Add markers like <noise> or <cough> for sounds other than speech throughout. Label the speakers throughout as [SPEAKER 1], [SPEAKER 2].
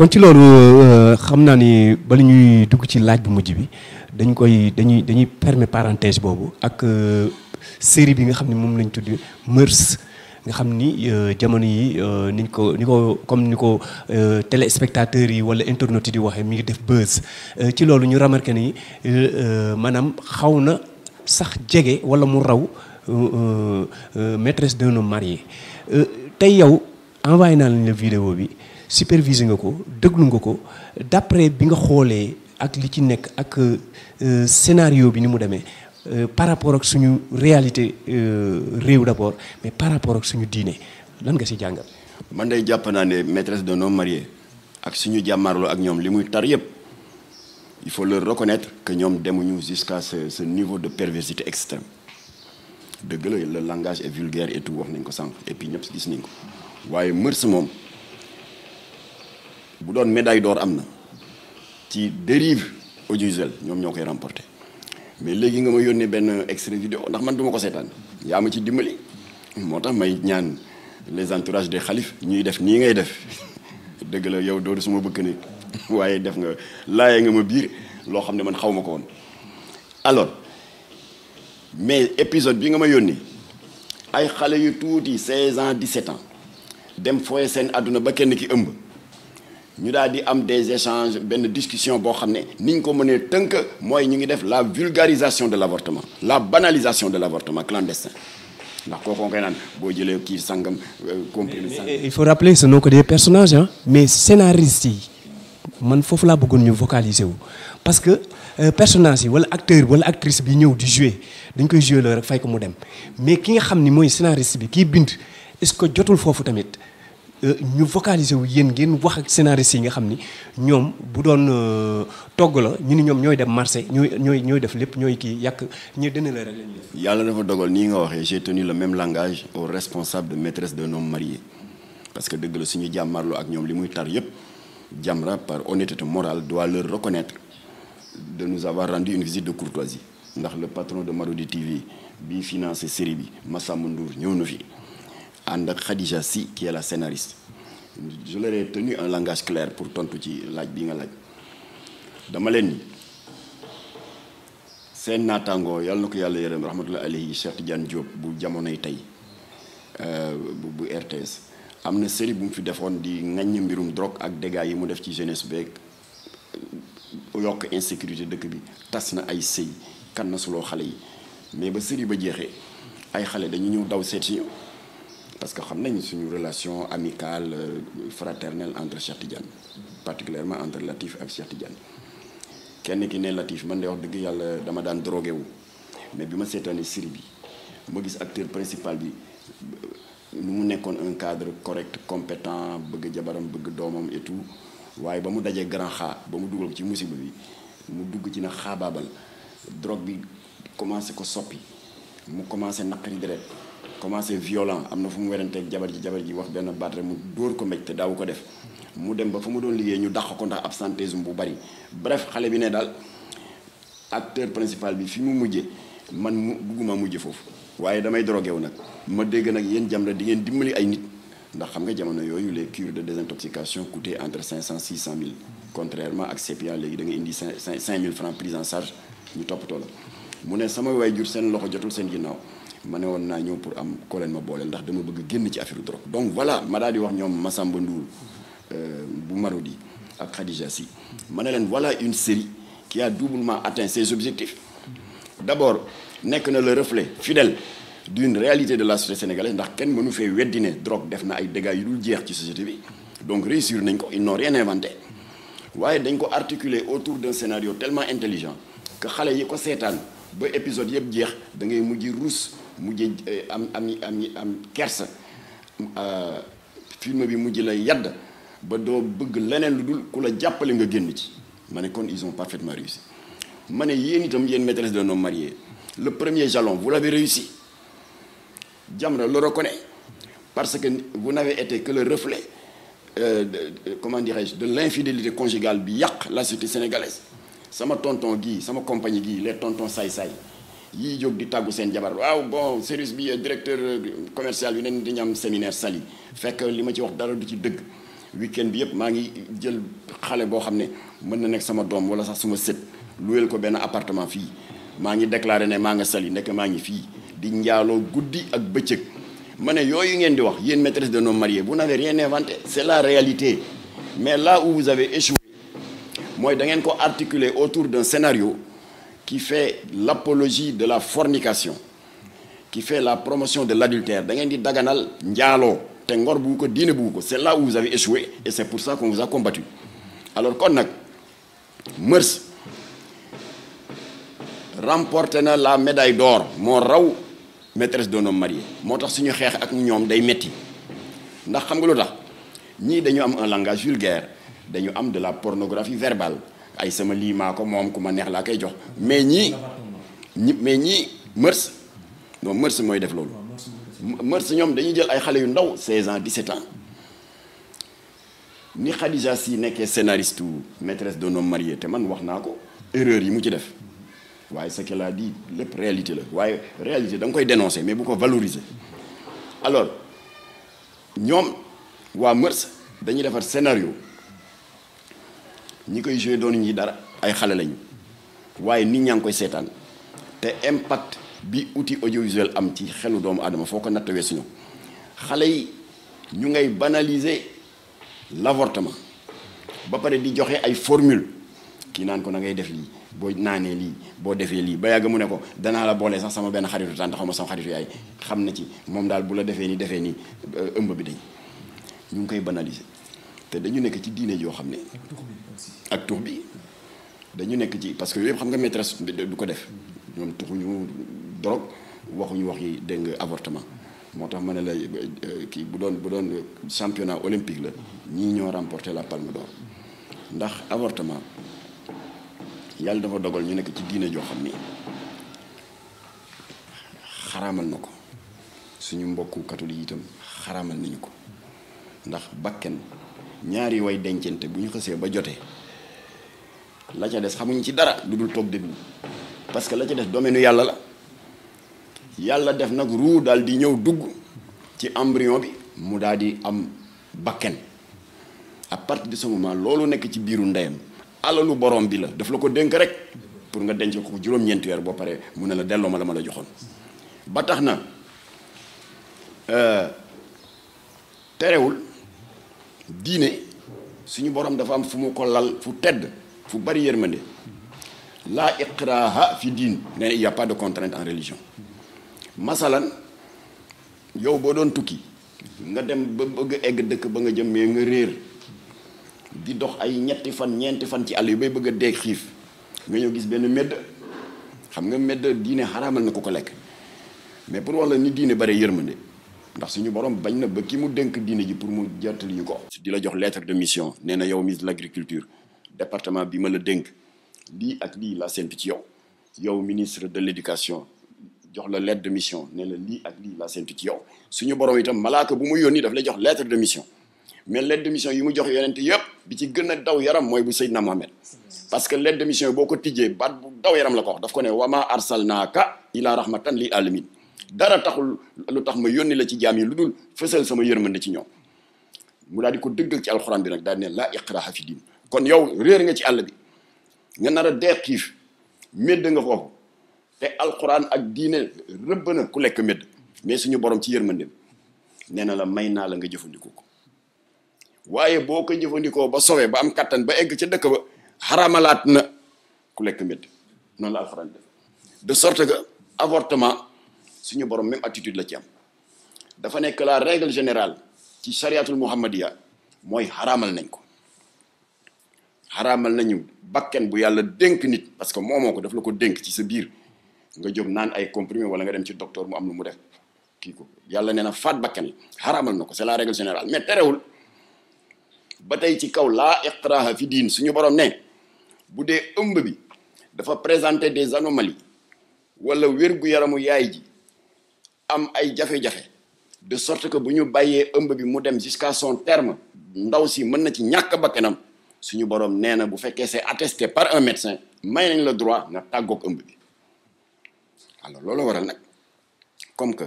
[SPEAKER 1] kon ci loolu euh, xam naa ni bala ñuy dugg ci laaj bi mujj bi dañ koy dañuy dañuy permettre parenthèse boobu ak euh, série bi nga xam ni moom lañ tudd Mœurs nga xam ni euh, jamono yi niñ ko ni ko comme ni ko téléspectateurs yi wala internautes yi di waxee mi ngi def buzz ci loolu ñu remarqué ni maanaam xaw na sax jege wala mu raw maîtresse d'un homme marié tey yow envoyé naa lañ la vidéo bi superviser nga ko déglu nga ko d'après bi nga xoolee ak li ci nekk ak euh, scénario bi ni mu demee euh, par rapport ak suñu réalité euh, réew d'abord mais par rapport ak suñu diine lan nga ci jàngal.
[SPEAKER 2] man day jàpp naa ne maîtresse d'un homme marié ak suñu jàmmaarloo ak ñoom li muy tar yépp il faut leur reconnaître que ñoom demuñu jusqu'à ce ce niveau de perversité extrême dëgg la le langage est vulgaire et tout wax nañ ko sànq et puis ñëpp gis nañ ko waaye mërs moom. bu doon médaille d'or am na ci dérive audiovisuelle ñoom ñoo koy remporté mais léegi nga ma yónnee benn extrait vidéo ndax man duma ko seetaan yaa ma ci dimbali moo tax may ñaan les entourages des xalif ñuy def nii ngay def <laughs> dëgg la yow dooru suma bëgg ne <laughs> waaye def nga laaya nga ma biir loo xam ne man xaw ma ko woon alors mais épisode bi nga ma yónnee ay xale yu tuuti 16 ans 17 ans dem fooye seen àdduna ba kenn ki ëmb ñu daal di am des échanges benn discussion boo xam ne ni ñu ko mënee tënk mooy ñu ngi def la vulgarisation de l' avortement la banalisation de l' avortement clandestin ndax kooku nga koy naan boo jëlee kii sangam euh, comprimé sangam. il
[SPEAKER 1] faut rappeler ce nom que des personnages ah. mais scénaristes yi man foofu laa bëggoon ñu vocaliser wu parce que euh, personnage yi wala acteur wala actrice bi ñëw di jouer dañ koy jouer loolu rek fay ko mu dem mais ki nga xam ni mooy scénariste bi kii bind est-ce que jotul foofu tamit. ñu vocaliser wu yéen ngeen wax ak scénariste yi nga xam ni ñoom bu doon euh, togg la ñu ni ñoom ñooy dem marché ñooy ñooy ñooy def lépp ñooy kii yàkk ñu dëna la rek lañ def
[SPEAKER 2] yàlla dafa dogal nii nga waxee j'ai tenu le même langage au responsable de maîtresse d'un homme marié parce que dëgg la suñu jàmmarloo ak ñoom li muy tar yëpp Jamra par honnêteté morale doit leur reconnaître de nous avoir rendu une de courtoisie ndax le patron de Marodi TV bi financé série bi Massa Ndour ñëw na fi ànd ak Khadija si ki est la scénariste je leur ai tenu langage clair pour tontu ci laaj bi nga laaj dama leen ni seen naataangoo yàlla na ko yàlla yërëm rahmatullah alayhi Cheikh Tidiane Diop bu jamonoy tey euh, bu RTS am na série bu mu fi defoon di ŋaññi mbirum drogue ak dégâts yi mu def ci jeunesse beeg euh, yokk insécurité dëkk bi tas na ay sëy kan na suloo xale yi mais ba série ba jeexee ay xale dañu ñëw daw seet si parce que xam nañ suñu relation amicale euh, fraternelle entre Cheikh Tidiane particulièrement entre Latif ak Cheikh Tidiane kenn ki ne Latif man de wax dëgg yàlla dama daan drogué wu mais bi ma seetaanee série bi ma gis acteur principal bi euh, nu mu nekkoon un cadre correct compétent bëgg jabaram bëgg doomam et waaye ba mu dajee grand xaa ba mu dugal ko ci musiba bi mu dugg ci na xaabaabal drogue bi commencé ko soppi mu commencé naqari deret commencé violent am na fu mu weranteeg jabar ji jabar ji wax benn baat rek mu dóor ko mbéj te daawu ko def mu dem ba fu mu doon liggéey ñu dàq ko ndax absentéisme bu bari bref xale bi ne daal acteur principal bi fi mu mujje man mu bugguma mujje foofu waaye damay drogué wu nag ma dégg nag yéen la di ngeen dimbali ay nit ndax xam nga jamono yooyu les cures de désintoxication coûtaient entre cinq 500 600 000 contrairement ak CPA léegi da nga indi 5 5000 francs prise en charge ñu toppatoo la mu ne sama waajur seen loxo jotul seen ginnaaw ma ne woon naa ñëw pour am koo leen ma booleel ndax dama bëgg génn ci affaire drogue donc voilà ma daal wax ñoom Massamba Ndour euh, bu Marodi ak Khadija Sy ma ne leen voilà une série qui a doublement atteint ses objectifs d'abord nekk na le reflet fidèle d'une réalité de la société sénégalaise ndax kenn mënu fee weddi ne drogue def na ay dégâts yu dul jeex ci société bi donc réussir nañ ko ils n'ont rien inventé waaye dañ ko articuler autour de scénario tellement intelligent que xale yi ko seetaan ba épisode yëpp jeex da ngay mujj ruus mujj am am am am kersa euh, film bi mujj la yadd ba doo bëgg leneen lu dul ku la jàppale nga génn ci ma ne kon ils ont parfaitement réussi ma ne yéen itam yéen maîtresse d'un homme marié le premier jalon vous l'avez réussi Jamra le reconnaît parce que vous n'avez été le reflet euh, de, de, comment dirais-je de l'infidélité conjugale bi yàq la société sénégalaise sama tonton gii sama compagnie gii les tonton saay-saay yi jóg di tàggu seen jabar waaw bon service bi directeur euh, commercial bi nañ dañu am séminaire Saly fekk li ma ci wax dara du ci dëgg weekend bi yëpp maa ngi jël xale boo xam ne mën na nekk sama doom wala sax suma sët luyel ko benn appartement fii maa ngi déclaré ne maa nga Saly nekk maa ngi fii di njaaloo guddi ak bëccëg ma ne yooyu ngeen di wax yéen maîtresse de no mariés bu n'avez rien inventé c'est la réalité mais là où vous avez échoué mooy da ngeen ko articuler autour d'un scénario qui fait l'apologie de la fornication qui fait la promotion de l'adultère da ngeen di daganal njaaloo te ngor bu ko diine bu ko c'est la où vous avez échoué et c'est pour ça qu'on vous a combattu alors kon nag mœurs remporte na la médaille d'or moo raw maîtresse d'un homme moo tax suñu xeex ak ñoom day metti ndax xam nga lu tax ñii dañu am un langage vulgaire dañu am de la pornographie verbale ay sama lii maa ko moom ku ma neex laa koy jox mais ñii ñi mais ñii mërs non mërs mooy def loolu mërs ñoom dañuy jël ay xale yu ndaw 16 ans 17 ans ni Khadija Sy nekkee scénariste maîtresse d'un homme marié te man wax naa ko erreur yi mu ci def waaye ce qu'elle a lépp réalité la waaye réalité da nga koy dénoncer mais bu ko valoriser alors ñoom waa mërs dañuy defar scénario ñi koy joué doon ñi dara ay xale lañu waaye nit ñaa ngi koy seetaan te impact bi uti audiovisuel am ci xelu doomu aadama foo ko nattawee suñu xale yi ñu ngay banaliser l'avortement ba pare di joxe ay formule kii naan ko na def lii boo naanee lii boo defee lii ba yàgg mu ne ko danaa la boole sax sama benn xaritu tànt xaw ma sama xaritu yaay xam na ci moom daal bu la defee nii defee nii ëmb bi dañ ñu ngi koy banaliser te dañu nekk ci diine joo xam ne. ak tux bi dañu nekk ci parce que yooyu xam nga maîtresse du ko def. ñoom tuxuñu drogue waxuñu wax yi dégg nga avortement. moo tax ma ne la kii bu doon bu doon championnat olympique la ñii ñoo remporté la palme ndax avortement yàlla dafa dogal ñu nekk ci diine joo xam ne xaramal na ko suñu mbokku catholique itam xaraamal nañu ko ndax bakken ñaari way dencante bu ñu xësee ba jotee la ca des xamuñ ci dara lu dul toog déglu parce que la ca des domaine yàlla la yàlla def nag ruu daal di ñëw dugg ci embryon bi mu daal di am bakken à partir de ce moment loolu nekk ci biiru ndeyam alalu borom bi la daf la ko dénk rek pour nga denc ko juróom-ñeenti weer boo paree mu ne la delloo ma la ma la joxoon ba tax na euh, terewul. diine suñu borom dafa am fu mu ko lal fu tedd fu bari yërmande laa iqraha fi diin ne il y a pas de contrainte en religion masalan yow boo doon tukki nga dem ba bëgg egg dëkk ba nga jëm mais nga réer di dox ay ñetti fan ñeenti fan ci àll yu bay bëgg a dee xiif nga ñëw gis benn medd xam nga medd diine xaraamal na ku ko lekk mais pour wax la ni diine bare yërmande ndax suñu borom bañ na ba ki mu dénk diine ji pour mu jantali ñu ko. di la jox lettre de mission nee na yow ministre de l' agriculture bi ma la dénk lii ak lii laa ci yow yow ministre de l' jox la lettre de nee na ak lii laa ci yow suñu borom itam malaaka bu mu yónni daf la jox lettre de mission mais lettre de mission yi mu jox yonent yëpp bi ci gën a daw yaram mooy bu Seydina Mohamed parce que lettre de mission boo ko tijjee baat bu daw yaram la ko wax daf ko ne wama arsalnaaka ila rahmatan lil alamin dara taxul lu tax ma yónni la ci jaam yi lu dul fësal sama yërmande ci ñoom mu daal di ko dëggal ci alxuraan bi nag daal di ne laa iqraha fi kon yow réer nga ci àll bi nga nar a dee xiif médd nga foofu te alxuraan ak diine rëbb na ku lekk médd mais suñu borom ci yërmandeem nee na la may naa la nga jëfandikoo waaye boo ko jëfandikoo ba sowee ba am kattan ba egg ca dëkk ba xaramalaat na ku lekk noonu la def de sorte que avortement suñu borom même attitude la ci am dafa nekk la règle générale ci chariatul muhammadiya mooy xaraamal nañ ko xaraamal nañu bakken bu yàlla dénk nit parce que moomoo ko daf la ko dénk ci sa biir nga jóg naan ay comprimé wala nga dem ci docteur mu am lu mu def kii ko yàlla nee na faat bakken la xaraamal na ko c'est la règle générale mais terewul ba tey ci kaw laa iqraha fi diin suñu borom ne bu dee ëmb bi dafa présenter des anomalies wala wér yaramu yaay ji am ay jafe-jafe de sorte que bu ñu bàyyee ëmb bi mu dem jusqu'à son terme ndaw si mën na ci ñàkk bakkanam suñu borom nee na bu fekkee c'est attesté par un médecin may nañ la droit nga tàggook ëmb bi alors loolu waral nag comme que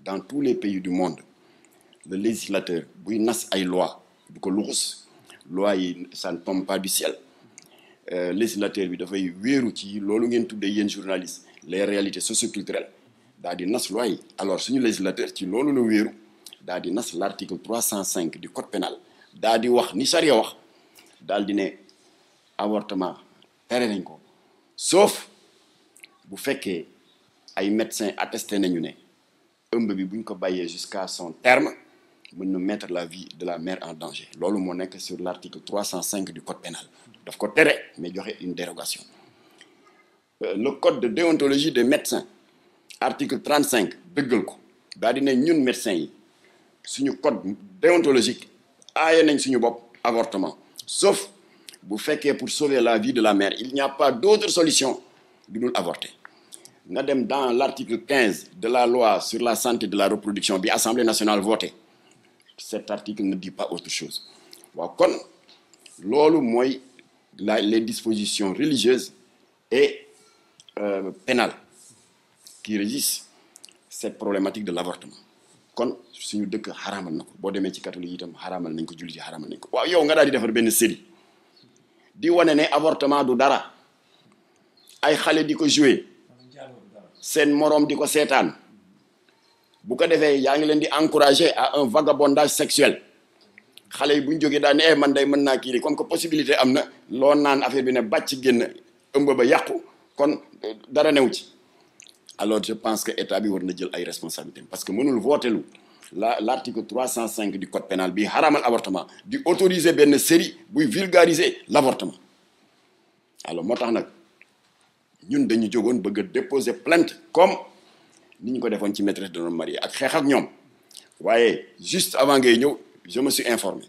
[SPEAKER 2] dans tous les pays du monde le législateur buy nas ay loi du ko luxus loi yi ça ne tombe pas du ciel euh, législateur bi dafay wéeru ci loolu ngeen tuddee yéen journaliste les réalités socioculturelles daal di nas looy alors suñu législateur ci loolu la wéeru daal di nas l' article 305 du code pénal daal di wax ni charia wax daal di ne avortement tere nañ ko sauf bu fekkee ay médecins attesté nañu ne ëmb bi buñ ko bàyyee jusqu'à son terme mën na mettre la vie de la mère en danger loolu moo nekk sur l' article 305 du code pénal daf ko tere mais joxe une dérogation euh, le code de déontologie de médecins article trente cinq dëggal ko daal di ñun médecin yi suñu code déontologique aaye nañ suñu bopp avortement sauf bu fekkee pour sauver la vie de la mère il n'y a pas d'autre solution di dul avorter nga dem dans l'article quinze de la loi sur la santé de la reproduction bi assemblée nationale votée cet article ne dit pas autre chose waaw kon loolu mooy la les disposition religieuses et euh, pénal qui régissent cette problématique de l'avortement kon suñu dëkk xaraamal na ko boo demee ci catholique itam xaraamal nañ ko julli ci xaraamal nañ ko waaw yow nga daal di defar benn série di wane ne avortement du dara ay xale di ko jouer seen moroom di ko seetaan bu ko defee yaa ngi leen di encourager à un vagabondage sexuel xale yi bu ñu daal ne eh, man day mën naa kii comme que possibilité am na loo naan affaire bi ne bàcc génn ëmb ba yàqu kon eh, dara new ci alors je pense que état bi war na jël ay responsabilités parce que mënul vootelu la l' article 305 du code pénal bi xaraamal avortement di autoriser benn série buy vulgariser l' avortement moo tax nag ñun dañu jógoon bëgg déposé déposer plainte comme ni ñu ko defoon ci maîtresse d'un homme marié ak xeex ak ñoom waaye juste avant ngay ñëw je me suis informé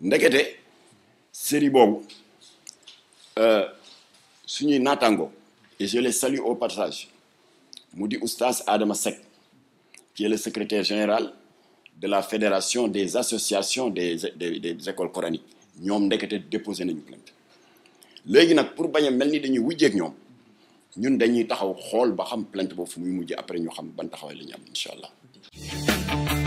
[SPEAKER 2] ndekete série boobu euh, suñuy nataangoo et je les salue au passage mu di oustaz Adama sec ci est le secrétaire général de la fédération des associations des des, des écoles coraniques ñoom ndekete déposé nañu plainte léegi nag pour bañ a mel ni dañuy wujjeek ñoom ñun dañuy taxaw xool ba xam plainte boobu fu muy mujj après ñu xam ban taxawaay la ñu am incha allah.